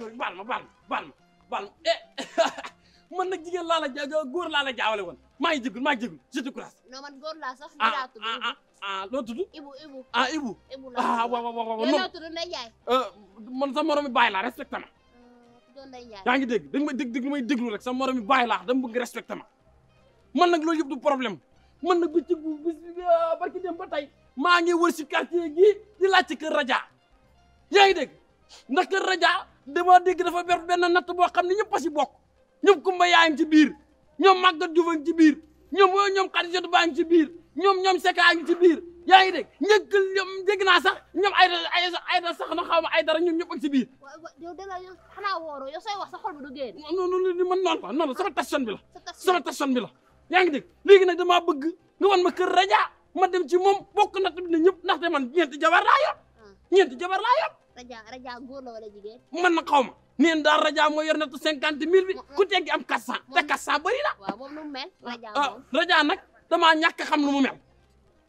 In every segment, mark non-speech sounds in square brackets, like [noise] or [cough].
loolu baal ma baal ma baal ma baal ma eh [laughs] man nag jigéen laa la ja góor laa la jaawale woon maa ngi jégul maa ngi jégul je te croise. non man góor laa sax. Ah, ah, ah, ah loo tudd. Ibu Ibu ah Ibu. Ibu laa ah waaw euh, man sa morom mi bàyyi laa respecté ma. Euh, tudd Ndeye Ndiaye. yaa ngi dégg dañ ma dégg dégg may déglu rek sa morom mi bàyyi laa dama bëgg respecté ma man nag loolu yëpp du problème man nag bi dem ba tey maa ngi wër si quartier gii di laaj ci kër Raja yaa ngi dégg ndax kër dama dégg dafa ber benn natt boo xam ne ñëpp a si bokk ñoom Kumba yaayam ci biir ñoom Maguette Diouf ci biir ñoom wooyu ñoom Khadijatu Ba ci biir ñoom ñoom Seka ci biir yaa ngi dégg njëkk ñoom dégg naa sax ñoom ay ay ay sax na xaw ma ay dara ñoom ñëpp ak ci biir. yow da ngay xanaa wóoroo yow sa xol bi du génn. non man noonu la noonu la sama tasson bi la. sama tasson bi léegi nag damaa bëgg nga wan ma kër rajaa ma dem ci moom bokk natt bi ne ñëpp ndaxte man ñeenti jabar laa yor ah. ñeenti jabar laa yor raja raja góor la wala jigéen. man na xaw ma. neen daal raja moo yor na cinquante mille bi ku teggi am quatre cent te quatre cent bëri na. waaw moom nu mu mel ah, raja ah, moom xam lu mu mel.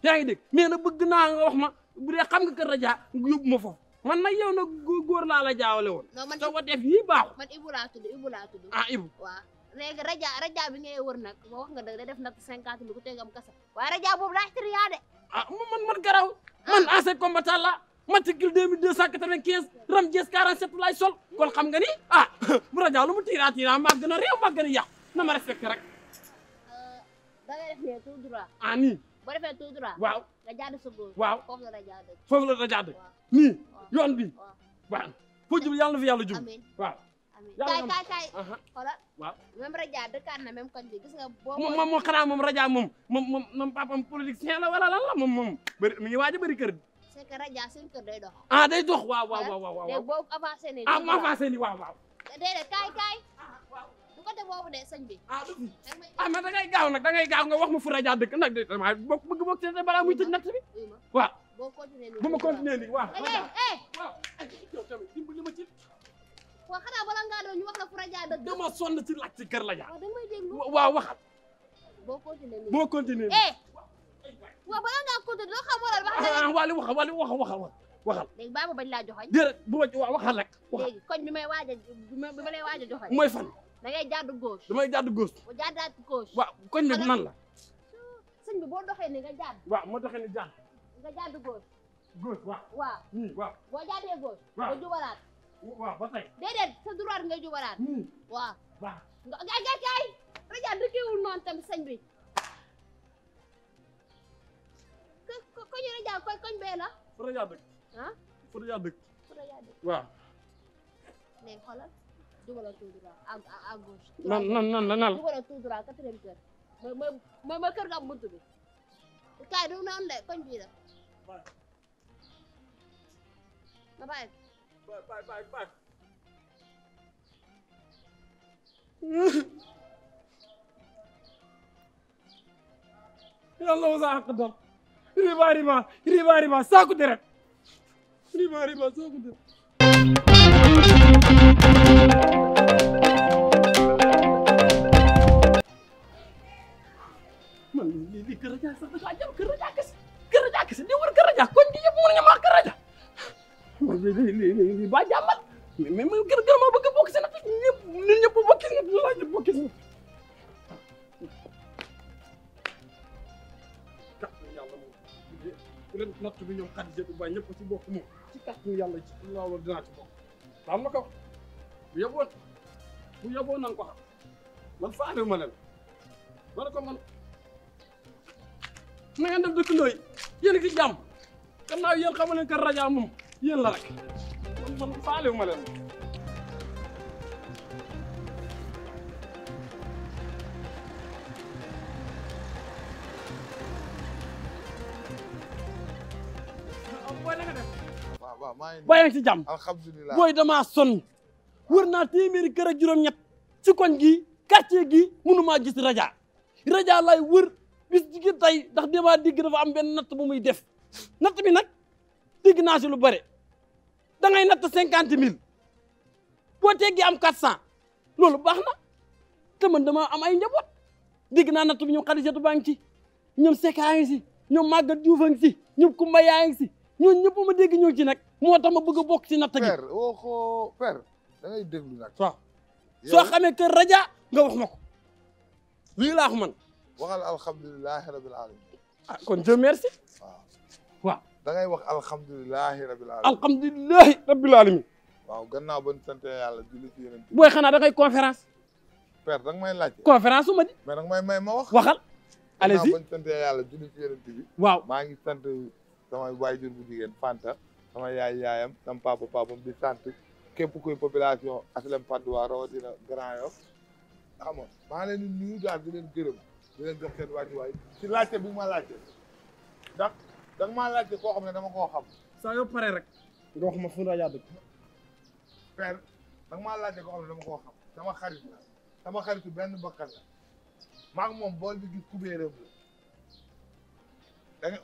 yaa ngi dégg mais nag bëgg naa nga wax ma bu dee xam nga kër raja yóbbu ma foofu man nag yow nag góor laa la jaawale woon. non man soo ko def yii baaxul. man Ibou laa tudd Ibou laa tudd. ah Ibou waaw. léegi wax nga dëgg day def nag cinquante mille ku teggi am kasa waaye raja boobu laajte yaa de. ah man man garaw man ah. ancien combattant la matricule deux mille de sa quatre-vingt-quinze ram jees quarante-sept laay sol kon xam nga ni a ah, mu rajaa lu mu tiiraa tiiraa maa gën a réew a yàqu na ma respecté rek da euh, ah, waaw nga la rajaa dëgg foofu la rajaa dëgg bi waaw foo jub yàlla na fi yàlla jub waaw kaay kaay kaay xoolal waaw même raja dëkkaat na même koñ bi gis nga boo moom moom la wala lan la moom moom bëri mi ngi waaj a c'est que rajo seen kër day dox. ah day dox waaw waaw waaw waaw. léegi boo avancé nii. ah mu avancé nii waaw waaw. déedéet kaay kaay. du côté boobu de sëñ bi. ah du ah mais da ngay gaaw nag da ngay gaaw nga wax ma fu rajo dëkk nag de damaa bëgg bëgg te balaa muy tëj natt bi waaw. boo continué nii bu ma continué nii waaw. waaw waaw. waaw xanaa bala ngaa doon ñu wax la fu rajo dëkk. dama sonn ci laaj ci kër la jaar. waaw da nga may déglu waaw waxal. boo continué nii boo continué nii. waaw balaa ngaa continué loo xamul woon wax. waali waxal waali waxal waxal waxal. léegi baax ma bañ laa joxoon. déedéet bu ma waxal rek. waxal léegi koñ bi may waaj a bi ma lay waaj a joxoon. mooy fan. da ngay jàddu gauche. damay jàddu gauche. bu jàddaat gauche. waaw koñ bi nan la. sëñ bi boo doxee ni nga jàdd. waaw moo doxee ni jàdd. nga jàddu gauche. gauche waaw. waaw waaw. boo jàddee gauche. waaw nga jubalaat. waaw ba tey. déedéet sa droit ngay jubalaat. waaw. waaw. nga gaay gaay gaay. rajo bi kii wul noonu tamit sëñ bi ko ko ñu la koñ koñ bee la. fa la yaa dëkk. ah fa la yaa dëkk. fa la yaa dëkk waaw. mais xoolal dugalal tout droit à à à gauche. nan nan nan nan nan. dugalal tout droit quatrième kër. mooy mooy mooy kër ga am buntu bi. kaay du noonu de koñ bii la. na bàyyi. bàyyi bàyyi bàyyi bàyyi. [laughs] yàlla wasa àq dal. riba riba riba riba saaku deret riba riba saaku deret man lii lii kër Raja sax dafa jam kër Raja kese kër Raja kese di war kër Raja koñ gi yëpp mënuñu maa kër Raja lii lii lii ba jàmmal mais man kër yàlla ci dinaa war dinaa ci bokk xam nga ko bu yeboo bu yeboo nan ko xam man faale ma leen ma ne ko man na ngeen def dëkkandoo yi yéen a ci jàmm gannaaw yéen xam nga leen que rajo moom man man faale ma leen bàyyi nga ci jàmm alhamdulilah booy damaa son wër naa téeméeri kër ak juróom-ñett ci koñ gi quartier gi mënumaa gis raja raja lay wër bis jigi tey ndax démaa digg dafa am benn natt bu muy def natt bi nag digg naa si lu bare da ngay natt cinquante mille boo teggee am quatre cent loolu baax na te man dama am ay njaboot dégg naa natt bi ñoom Xadijatu baa ngi ci ñoom Seck a ngi si ñoom Maguette Diouf a ngi si ñoom Kumba yaa ngi si ñooñu ñëpp ma dégg ñoo ci nag moo tax ma bëgg a bokk ci natt gi. père woo ko père da ngay déglu nag. waaw soo xamee que raja nga wax ma ko lii wax man. waxal alhamdulilah rabil alamin. ah kon Dieu merci. waaw waaw. da ngay alamin. gannaaw ba sant yàlla julli ci booy xanaa da conférence. père da nga may laajte. conférence su ma di. mais da nga may ma wax. waxal. allez-y gannaaw yàlla julli ci waaw maa ngi sant samay waajur bu jigéen Fanta. sama yaay yaayam sama papa papam sant képp kuy population aslem Padois rawatina Grand Yoff xam nga maa leen di nuyu daal di leen gërëm di leen jox seen si laajte bi ma laajte ndax da nga maa laajte koo xam ne dama ko xam saa yoo pare rek nga wax ma fu rajo dëkk père da nga laajte koo xam ne dama koo xam sama xarit la sama benn bakkan la maa ngi moom bool bi gis kubéeram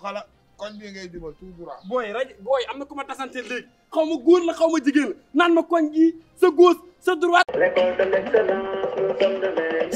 la da koñ bii ngay jubal tout droit. Ah. booy rajo booy am na ku ma tasante léegi xaw ma góor la xaw ma jigéen la naan ma koñ gi sa gauche sa droite.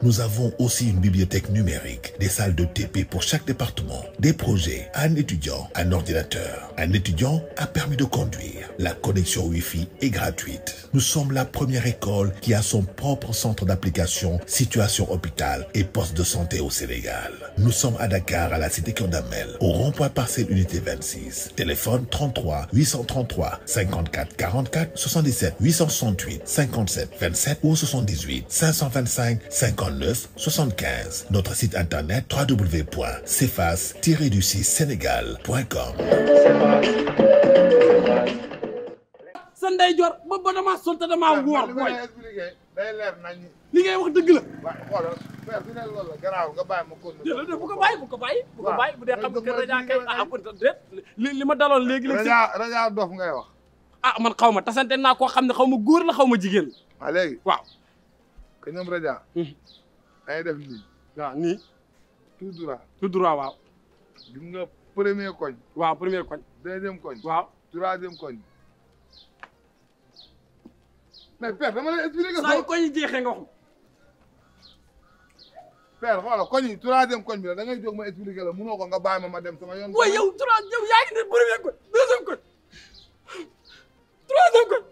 Nous avons aussi une bibliothèque numérique, des salles de TP pour chaque département, des projets, un étudiant, un La connexion Wi-Fi est gratuite. a son propre centre d'application, situation hôpital et poste de santé au Sénégal. Nous sommes à Dakar, à la cité Kondamel, au rond-point parcelle unité 26. Téléphone 33 209 75. Notre site internet www.cefas-du-6sénégal.com. sa ndeyjoor ba ba damaa sol te damaa wóor mooy day leer nañ li ngay wax dëgg la. waaw xoolal weer bi ne loolu la garaaw nga bàyyi ma ko. bu ko bàyyi bu ko bàyyi. ko bàyyi bu dee xam nga rajo kay ah li ma daloon léegi. léegi rajo rajo ngay wax. ah man xaw ma tasante naa koo xam ne xaw ma góor la xaw ma jigéen. que ñoom Raja. dañuy def nii. waaw nii. tout droit. tout droit waaw. gis nga premier koñ. waaw premier koñ. deuxième koñ. waaw troisième koñ. mais père dama lay expliquer. saa yu koñ yi jeexee nga wax. père xoola koñ yi troisième koñ bi la da ngay jóg ma expliquer la mënoo ko nga bàyyi ma ma dem sama yoon. waaye yow trois yow yaa ngi ne premier koñ deuxième koñ troisième koñ.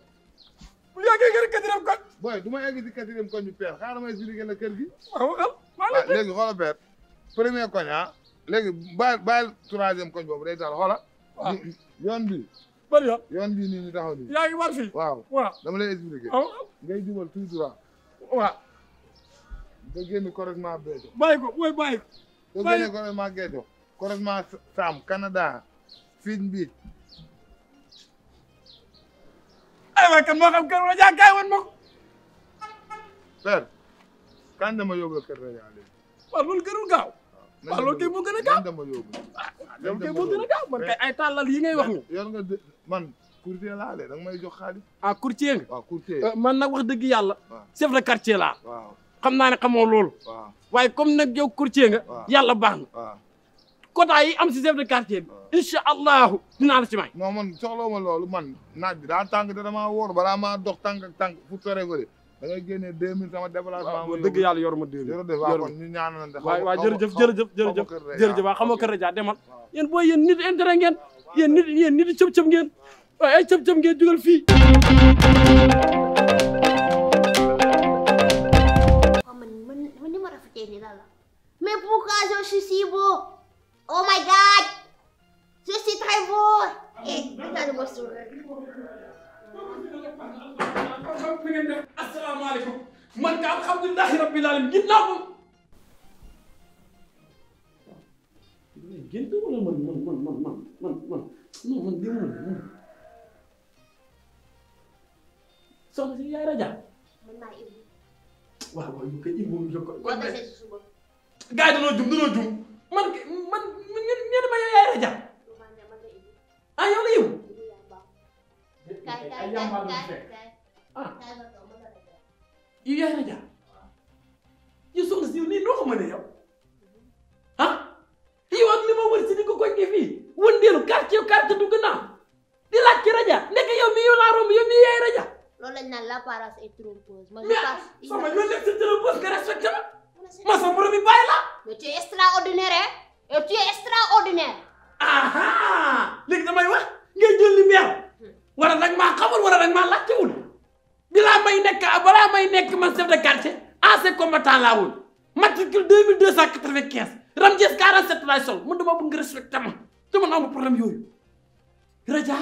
bu ñu yàggee kër koñ. booy du ma yàgg si quatrième koñ bi père xaaral ma expliqué la kër gi. waaw léegi xoolal premier koñ ah léegi bàyyi bàyyi troisième koñ boobu day taal xoola. yoon bi. bëri yoon yoon nii ñu nii. yaa ngi war waaw dama lay expliqué. ngay jubal tout droit. waaw. nga génn correctement Béthio. bàyyi ko booy bàyyi ko. bàyyi nga génne correctement Géthio correctement Sam Canada ay waay kan moo xam kër Raja kaay woon ma ko. kan dama yóbbu kër Raja léegi. waaw loolu gënul gaaw. waaw a gaaw dama yóbbu. Ah, ah, loolu kay moo gën a gaaw man kay ay tàllal yi ngay wax ni. Eh, yor nga man courtier laa de da ah, nga eh, man nag wax dëgg yàlla. chef de quartier laa. waaw xam naa ne xamoo loolu. waaw waaye comme nag yow courtier nga. yàlla baax na. quota yi am si chef de quartier bi. Ah. incha allahu dinaa la ci may. non man soxla ma loolu man naaj bi daa tàng da damaa wóor balaa maa dox tànk ak tànk fu feree ko de da ngay génnee deux mille sama déplacement. waaw dëgg yàlla yor ma deux mille yor ma ñu ñaanalante. waaw waaw jërëjëf jërëjëf jërëjëf jërëjëf waaw xam nga kër Raja demal. yéen booy yéen nit intérêt ngeen yéen nit yéen nit cëb cëb ngeen waaye ay cëb cëb ngeen jugal fii. mais pourquoi je suis si beau Oh my god! Je suis très beau! Eh, regarde-moi sourire. asalaamaaleykum man ka alhamdulilahi rabbil alamin ginnaaw moom. gént wala man man man man man man man non man démb man. soxna si yaay raja. mën naa Ibou. waaw waaw ñu koy Ibou ñu ko. gaa yi dañoo jum dañoo jum. man man ñun ñun ma yaay raja ah yow la yow. ah yow yaay raja yow soxna si yow nii noo ko mënee yow ah yow ak li ma si ni ko koñ ngi fii wëndeelu quartier quartier dugg naa di laaj ci raja nekk yow mi yow laa romb yow mi yaay raja. loolu lañ naan l'apparence est trompeuse. mais sama man sama moromu baay la. mais tu es extraordinaire hein et tu es extraordinaire. aha léegi damay wax ngay jël li mel. wala nag maa xamul wala nag maa laajtewul. bilaa may nekk balaa may nekk man chef de quartier ancien combattant laa woon matricule deux mille deux cent quatre vingt quinze Ramdiès quarante sept laay sol man dama bëgg nga respecté ma te man amu problème yooyu. Raja.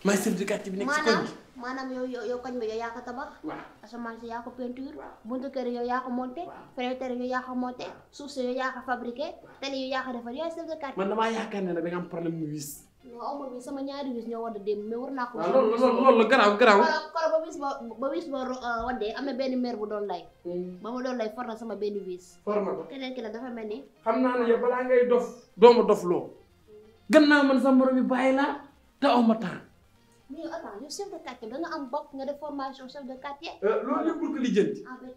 maay chef de quartier bi nekk si koñ bi maanaam yow yow koñ bi yow tabax. waaw si yaa ko buntu kër yow yaa ko monté. waaw fenêtre yow suuf si yow yaa ko fabriqué. tali yow yaa defar yow chef de quartier. man damaa yaakaar ne da ma sama ñaari a naa ko. waaw loolu loolu loolu la garaaw garaaw. koro ba wis euh, doon lay. Hmm. ba ma doon lay for sama benn wis. for na ko keneen ki la dafa mel ni. xam naa ne yow balaa ngay dof. doomu dof loo. Hmm. gannaaw man sa morom yi bàyyi laa te aw ma mais yow attends yow chef de quartier da nga am def formation chef de quartier. Euh, loolu yëpp bul ko lijjanti. Ah, en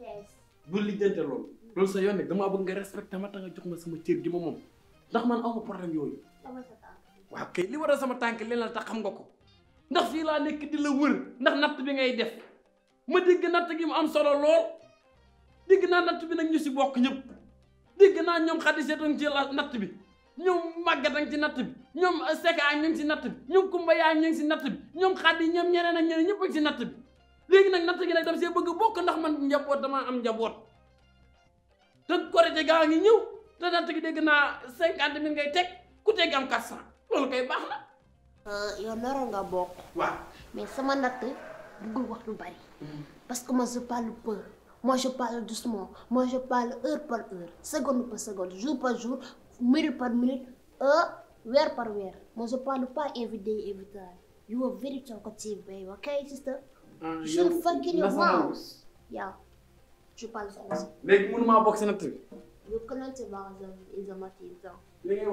BTS. lijjante loolu. loolu sa yoon nag damaa bëgg nga respecté ma te nga jox ma sama cër gi ma moom ndax man aw ma problème yooyu. waaw kay li war a sama tànk leneen tax xam nga ko ndax fii laa nekk di la wër ndax natt bi ngay def ma dégg natt gi mu am solo lool dégg naa natt bi nag ñu si bokk ñëpp dégg naa ñoom xaddi seetoon ci la natt bi. ñoom màggat a ngi ci natt bi ñoom seka ñu ngi ci natt bi ñoom kumba yaa ñu si ci natt bi ñoom xaddi ñoom ñeneen ak ñeneen ñëpp si ngi ci natt bi léegi nag natt gi nag dama see bëgg bokk ndax man njaboot damaa am njaboot te korite gaa ngi ñëw te natt gi dégg naa cinquante mille ngay teg ku teg am quatre cent loolu kay baax na. Euh, yow naroon nga bokk. waaw mais sama natt bëggul wax lu bari. Hmm. parce que moi je parle peu moi je parle doucement moi je parle heure par heure seconde par seconde jour par jour minute par minute uh, weer par weer mais je parle pas every day every time you are very talkative babe okay sister. ah you should fucking your mouth. yeah je parle français. léegi mënuma bokk si natt bi. yow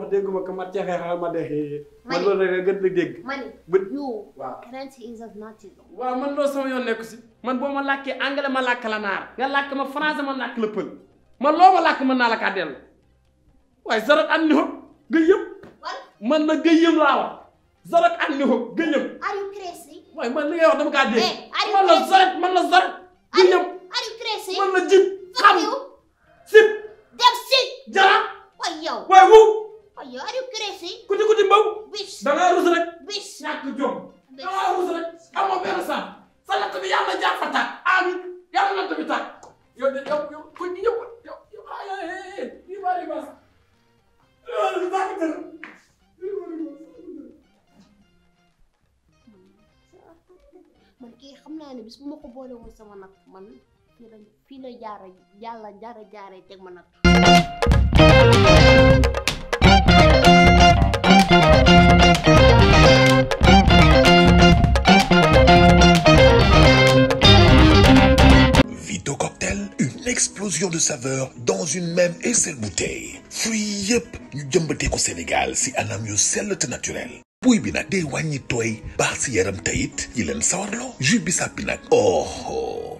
wax dégguma ma ceexee xaal ma dexee. man loolu rek nga gën di dégg. man yow. waaw kanante exam naati. man loolu sama yoon nekku si. man boo ma lakke anglais ma làkk la naar. nga làkk ma français ma làkk la pël. man loo ma làkk mën naa la kaa waaye zarat an ni hëpp gëyëm man la gëyëm laa wax zarat an ni hëpp gëyëm waaye man li ngay wax dama kaa dégg eh, man la zarat man la fii la jaara yàlla jaara jaaree Cocktail une explosion de saveurs dans une même et bouteille fruits yëpp ñu jëmbatee ko Sénégal si anam yu sell te naturel buy bi nag day wàññi yaram tayit yi leen sawarloo jus bi sàppi oh, oh.